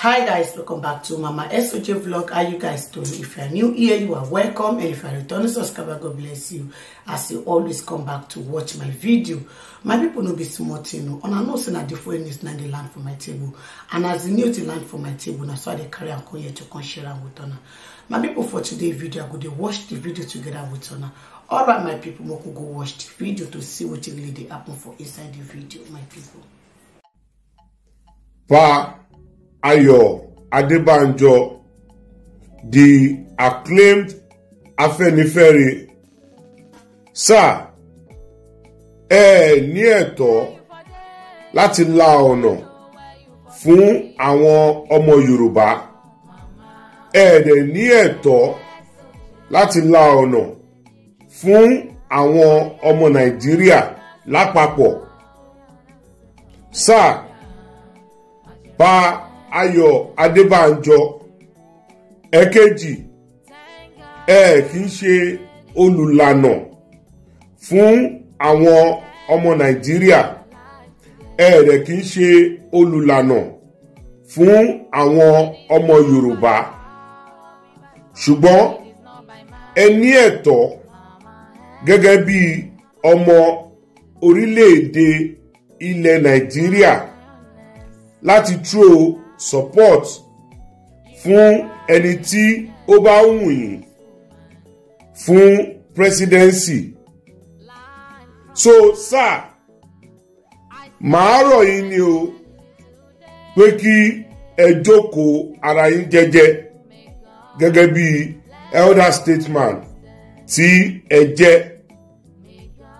hi guys welcome back to mama soj vlog how you guys doing if you are new here you are welcome and if you are returning subscriber god bless you as you always come back to watch my video my people no be small thing o and i know say na different news na dey land for my table and as the new dey land for my table na so i dey carry and come here to come share am with una my people for today's video i go to watch the video together with una all right my people make we go watch the video to see what really dey happen for inside the video my people. Pa. Ayo, Adebanjo, the acclaimed Afenifere. Sir, ẹ eh, ní ẹ̀tọ́ láti la ọ̀nà fún àwọn ọmọ Yorùbá. Ẹ eh, dẹ̀ ní ẹ̀tọ́ láti la ọ̀nà fún àwọn ọmọ Nàìjíríà lápapọ̀. Sir, bá a ayọ̀ adébánjọ ẹ̀kejì ẹ kì í ṣe olùlànà fún àwọn ọmọ nàìjíríà ẹ rẹ̀ kì í ṣe olùlànà fún àwọn ọmọ yorùbá ṣùgbọ́n ẹ ní ẹ̀tọ́ gẹ́gẹ́ bí ọmọ orílẹ̀-èdè nàìjíríà láti tró support fún ẹni tí ó bá wù yín fún presidency so sir màá rọ̀ yín ni o pé kí ẹ jókòó ara yín jẹ́jẹ́ gẹ́gẹ́ bí elder statesman tí ẹ jẹ́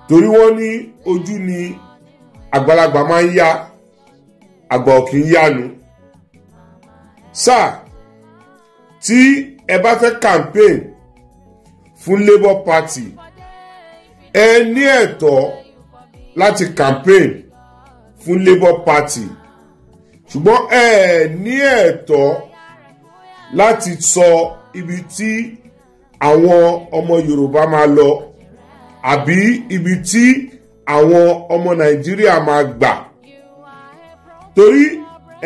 torí wọ́n ní ojú ni àgbàlagbà máa ń yá àgbà ò kì yánu sáà tí ẹ bá fẹ́ campaign fún labour party ẹ ní ẹ̀tọ́ láti campaign fún labour party ṣùgbọ́n ẹ ní ẹ̀tọ́ láti sọ ibi tí àwọn ọmọ yorùbá máa lọ àbí ibi tí àwọn ọmọ nàìjíríà máa gbà torí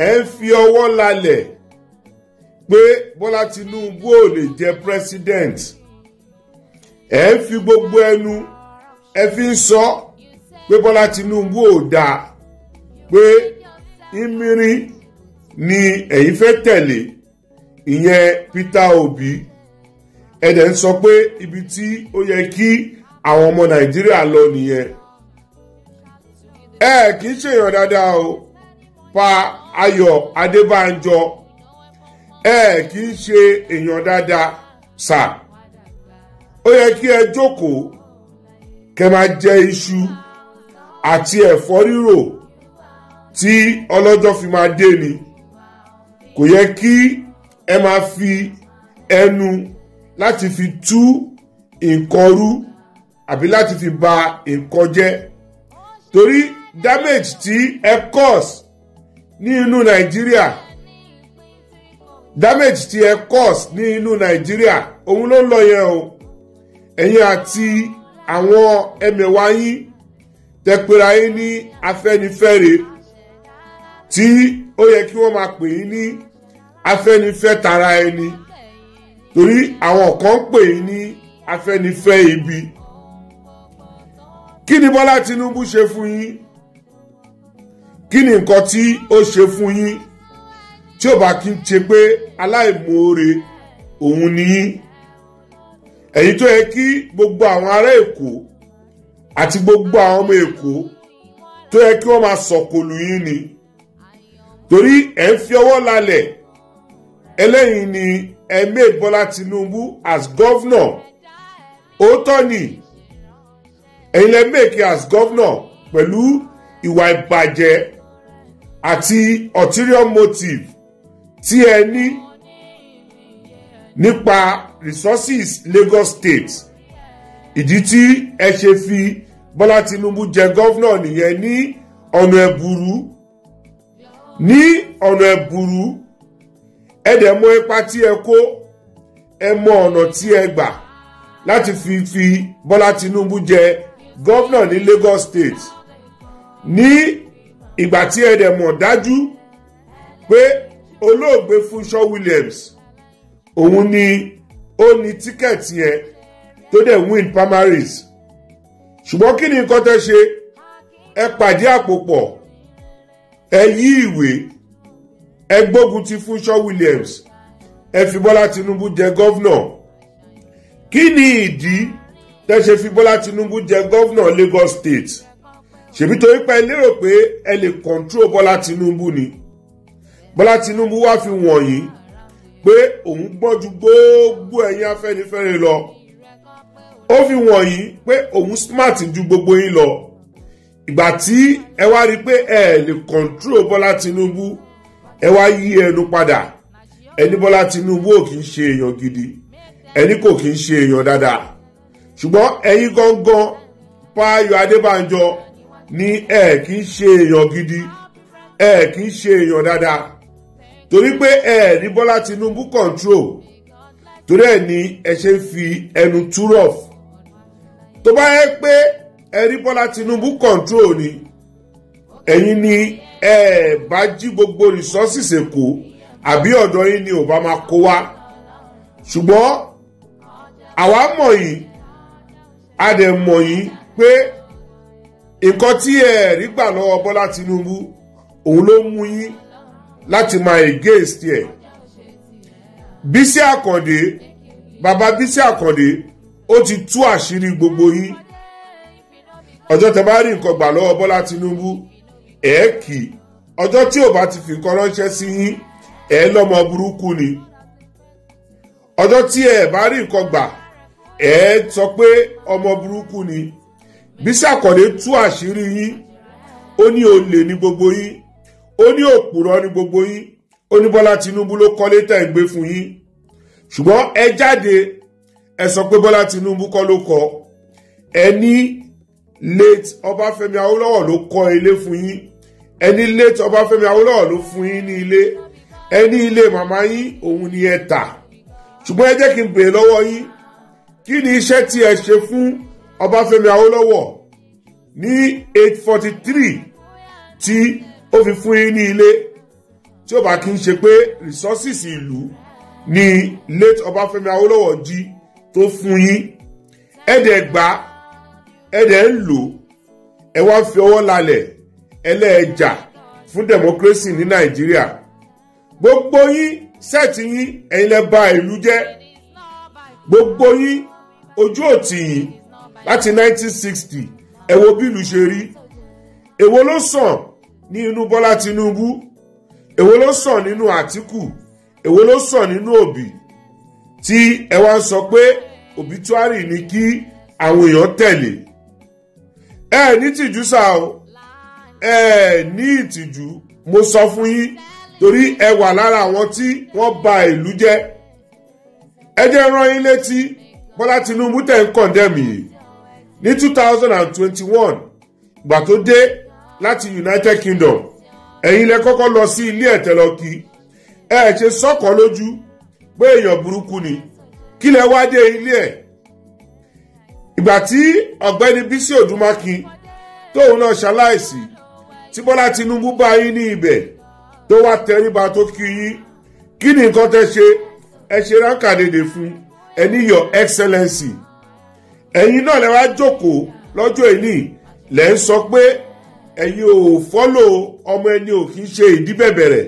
ẹ ń fi ọwọ́ lálẹ̀ pé Bọ́lá Tinubu ò lè jẹ́ president ẹ̀ ń fi gbogbo ẹnu ẹ fi ń sọ pé Bọ́lá Tinubu ò dáa pé ìmírí ni ẹ̀yin fẹ́ tẹ̀lé ìyẹn Peter Obi ẹ dẹ̀ ń sọ pé ibi tí ó yẹ kí àwọn ọmọ Nàìjíríà lọ nìyẹn ẹ kì í ṣèyàn dáadáa o pa ayọ Adébánjọ ẹ kì í ṣe èèyàn dáadáa sà ó yẹ kí ẹ jókòó kẹ máa jẹ iṣu àti ẹ̀fọ́ rírò tí ọlọ́jọ́ fi máa dé ni kò yẹ kí ẹ máa fi ẹnu láti fi tú nǹkan rú àbí láti fi ba nǹkan jẹ́ torí damage ti ẹ cause ní inú Nàìjíríà damage tí ẹ cause ní inú nàìjíríà òun ló ń lọ yẹn o ẹ̀yin àti àwọn ẹmẹ̀wá yín tẹpẹ́ra yín ní afẹ́nifẹ́re tí ó yẹ kí wọ́n máa pè yín ní afẹ́nifẹ́ tara ẹni torí àwọn kan pè yín ní afẹ́nifẹ́ ibi kí ni bọ́lá tinubu ṣe fún yín kí ni nǹkan tí ó ṣe fún yín tí ò bá kí n ṣe pé aláìmoore òun nìyí ẹ̀yin tó yẹ kí gbogbo àwọn ará èkó àti gbogbo àwọn ọmọ èkó tó yẹ kí wọ́n máa sọ̀kòlù yín ni torí ẹ̀ ń fi ọwọ́ lálẹ̀ ẹlẹ́yìn ni ẹ̀mí Bọ́lá Tinubu as governor òótọ́ ni ẹ̀yin lẹ́ mèkì as governor pẹ̀lú ìwà ìbàjẹ́ àti ulterior motive tí ẹ ní nípa resources Lagos State ìdí tí ẹ ṣe fi Bọ́lá Tinubu jẹ gọ́vnà nìyẹn ní ọ̀nà ẹ̀bùrú ní ọ̀nà ẹ̀bùrú ẹ dẹ̀ mọ ipa tí ẹ kó ẹ mọ ọ̀nà tí ẹ gbà láti fi fi Bọ́lá Tinubu jẹ gọ́vnà ní Lagos State ní ìgbà tí ẹ dẹ̀ mọ̀ dájú pé olóògbé Fúnṣọ́ Williams òun ni ó ní tíkẹ́ẹ̀tì yẹn tó dẹ̀ win primaries ṣùgbọ́n kí ni nǹkan tẹ́ ṣe ẹ pàdé àpò pọ̀ ẹ yí ìwé ẹ gbógun ti Fúnṣọ́ Williams ẹ fi Bọ́lá Tinubu jẹ gọ́vnọ̀ kí ni ìdí tẹ́ ṣe fi Bọ́lá Tinubu jẹ gọ́vnọ̀ Lagos State ṣèbí torí pé ẹ lérò pé ẹ lè control Bọ́lá Tinubu ni bọ́lá tinubu wá fi wọ̀nyí pé òun gbọ́n ju gbogbo ẹ̀yin afẹ́nifẹ́re lọ ó fi wọ̀nyí pé òun smart ju gbogbo yín lọ ìgbà tí ẹ wá rí i pé ẹ lè control bọ́lá tinubu ẹ wá yí ẹnu padà ẹni bọ́lá tinubu ò kì í ṣe èèyàn gidi ẹni kò kì í ṣe èèyàn dáadáa ṣùgbọ́n ẹ̀yin gangan Fáyọ̀ Adébánjọ ni ẹ kì í ṣe èèyàn gidi ẹ kì í ṣe èèyàn dáadáa torí pé ẹ ní Bọ́lá Tinubu control torí ẹ ní ẹ ṣe ń fi ẹnu túrọ̀ tó bá yẹ pé ẹ Bọ́lá Tinubu control ni ẹ̀yin ni ẹ bá jí gbogbo resources Èkó àbí ọ̀dọ̀ yín ni ò bá máa kó wá ṣùgbọ́n àwa mọ̀ yìí a dẹ̀ mọ̀ yìí pé nǹkan tí ẹ gbà lọ́wọ́ Bọ́lá Tinubu òun ló mú yín láti máa against ẹ̀ bísí àkàndé bàbá bísí àkàndé ó ti tú àṣírí gbogbo yín ọjọ́ tẹ bá rí nǹkan gbà lọ́wọ́ bọ́lá tinubu ẹ̀ kì í ọjọ́ tí ò bá ti fi nǹkan ránṣẹ́ sí yín ẹ̀ lọ́mọ burúkú ni ọjọ́ tí ẹ̀ bá rí nǹkan gbà ẹ̀ sọ pé ọmọ burúkú ni bísí àkàndé tú àṣírí yín ó ní olè ní gbogbo yín ó ní òpùrọ̀ ní gbogbo yín ó ní bọ́lá tinubu ló kọ́ létà ìgbé fún yín ṣùgbọ́n ẹ jáde ẹ sọ pé bọ́lá tinubu kọ́ ló kọ́ ẹ ní late ọbáfẹ́mi awólọ́wọ̀ ló kọ́ ilé fún yín ẹ ní late ọbáfẹ́mi awólọ́wọ̀ ló fún yín ní ilé ẹ ní ilé màmá yín òun ni ẹ tà ṣùgbọ́n ẹ jẹ́ kí n bèèrè lọ́wọ́ yín kí ni iṣẹ́ tí ẹ ṣe fún ọbáfẹ́mi awólọ́wọ̀ ní eight forty three ti ó fi fún yín ní ilé tí ó bá kí n ṣe pé resources ìlú ni late Ọbáfẹ́mi Awólọ́wọ̀ jí tó fún yín ẹdẹ gbà ẹdẹ ń lò ẹ wá fi ọwọ́ lálẹ̀ ẹlẹ́ẹ̀jà fún democracy ní Nàìjíríà gbogbo yín sẹ́ẹ̀tì yín ẹ̀yin lẹ bà ìlú jẹ́ gbogbo yín ojú òtì yín láti 1960 ẹ wo bí ìlú ṣe rí èwo ló sàn ní inú Bọ́lá Tinubu èwo ló sàn nínú Àtíkù èwo ló sàn nínú Òbí tí ẹ wá sọ pé òbítúárì ni kí àwọn èèyàn tẹ̀lé ẹ ní tìjú sá o ẹ ní ìtìjú mo sọ fún yín torí ẹ wà lára àwọn tí wọ́n bà ìlú jẹ́ ẹ jẹ́ rán yín létí Bọ́lá Tinubu tẹ̀ ń kọ̀ndẹ́mì yìí ní two thousand and twenty-one ìgbà tó dé láti United Kingdom ẹ̀yin lẹ kọ́kọ́ lọ sí ilé ẹ̀tẹ̀ lọ kí ẹ ṣe sọ́kọ̀ lójú pé èèyàn burúkú ni kí lẹ wá dé ilé ẹ̀ ìgbà tí ọ̀gbẹ́ni Bísí Òdùmákin tóun náà ṣaláìsí tí Bọ́lá Tinubu bá yín ní ibẹ̀ tó wá tẹríba tó kí yín kí ni nǹkan tẹ́ ṣe ẹ ṣe ránkàdédé fún ẹ ní your excellency ẹ̀yin náà lẹ wá jókòó lọ́jọ́ ìní lẹ́ ń sọ pé ẹ̀yin ò fọ́lò ọmọ ẹni ò kì í ṣe ìdí bẹ̀bẹ̀rẹ̀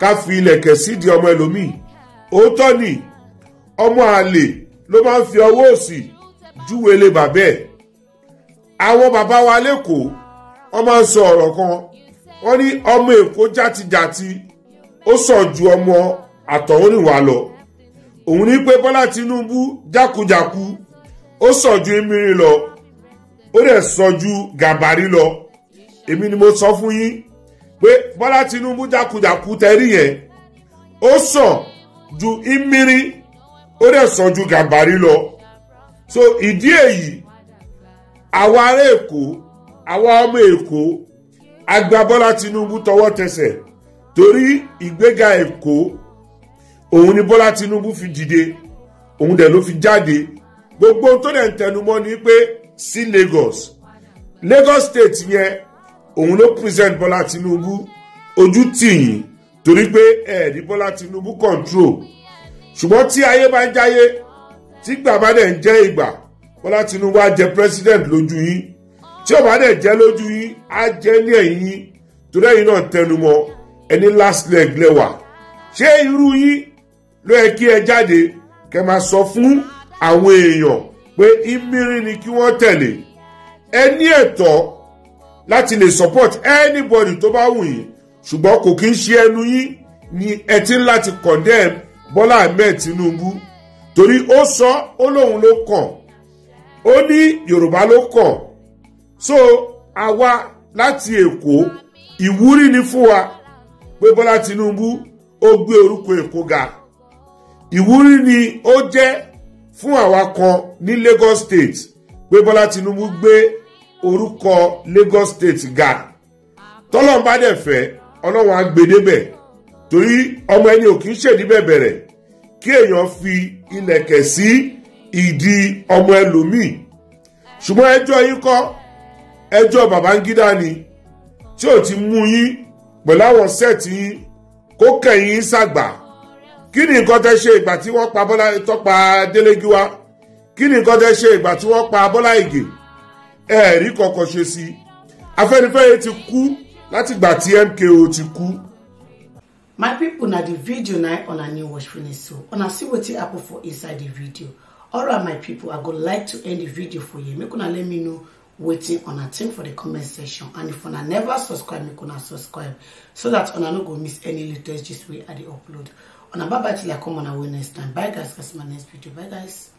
ká fi ilẹ̀kẹ̀ sídìí ọmọ ẹlòmíì òótọ́ ni ọmọ àlè ló máa ń fi ọwọ́ òsì júwèlé bàbá ẹ̀ àwọn bàbá wa lẹ́kọ̀ọ́ wọ́n máa ń sọ ọ̀rọ̀ kan wọ́n ní ọmọ èkó játijàti ó sàn ju ọmọ àtọ̀húnìwá lọ òun ní pé bọ́lá tinubu jákujàku ó sàn ju emirin lọ ó dẹ̀ sàn ju gàbárí lọ èmi ni mo sọ fún yín pé bọ́lá tinubu jákujàku tẹ́rí yẹn ó sàn ju imiri ó dẹ̀ sàn ju gàbàrí lọ so ìdí èyí àwa ará èkó àwa ọmọ èkó agba bọ́lá tinubu tọwọ́ tẹsẹ̀ torí ìgbéga èkó òun ni bọ́lá tinubu fi dìde òun dẹ̀ ló fi jáde gbogbo tó dẹ̀ ń tẹnumọ́ ni pé sí lagos lagos state yẹn òun ló present bọ́lá tinubu ojú tìyìn torí pé ẹ̀ẹ́dì bọ́lá tinubu control ṣùgbọ́n tí ayé bá ń jáyé tí ìgbà bá dẹ̀ ń jẹ́ ìgbà bọ́lá tinubu á jẹ president lójú yín tí ó bá dẹ̀ jẹ́ lójú yín á jẹ́ ní ẹ̀yìn yín torí ẹ̀yin náà tẹnu ẹni last leg lẹ́wà ṣé irú yín ló yẹ kí ẹ jáde kẹ máa sọ fún àwọn èèyàn pé ìmírí ni kí wọ́n tẹ̀lé ẹ ní ẹ̀tọ́ láti lè support anybody tó bá wù yín ṣùgbọ́n kò kí ń ṣe ẹnu yín ni ẹ ti ń láti condemn Bọ́lá Ahmed Tinubu torí ó sọ ó lóun ló kàn ó ní Yorùbá ló kàn so àwa láti Èkó ìwúrí ni fún wa pé Bọ́lá Tinubu ó gbé orúkọ Èkó ga ìwúrí ni ó jẹ́ fún àwa kan ní Lagos State pé Bọ́lá Tinubu gbé orúkọ Lagos State ga tọ́lọ́n bá dẹ̀ fẹ́ ọlọ́run á gbé débẹ̀ torí ọmọ ẹni ò kì í ṣèdí bẹ̀bẹ̀rẹ̀ kí èèyàn fi ilẹ̀kẹ̀ sí ìdí ọmọ ẹlòmíì ṣùgbọ́n ẹjọ́ yín kọ́ ẹjọ́ Babangida ni tí ò ti mú yín pẹ̀lú àwọn sẹ́ẹ̀tì yín kó kẹ̀yìn sàgbà kí ni nǹkan tẹ́ ṣe ìgbà tí wọ́n pa Bọ́lá tọ́pa Délégiwá kí ni nǹkan tẹ́ ṣe ìgbà tí wọ́n pa Bọ́lá Ìgè ẹ̀rí kọ̀ọ̀kan ṣe sí i ti kú látìgbà tí mko ti kú. my pipo na di video na una new watch finish so una see wetin happen for inside di video alright my pipo i go like to end di video for here make una let me know wetin una think for di comment section and if una never subscribe make una subscribe so dat una no go miss any latest gist wey i dey upload una bye bye till i come on our next time bye guys guys my next video bye guys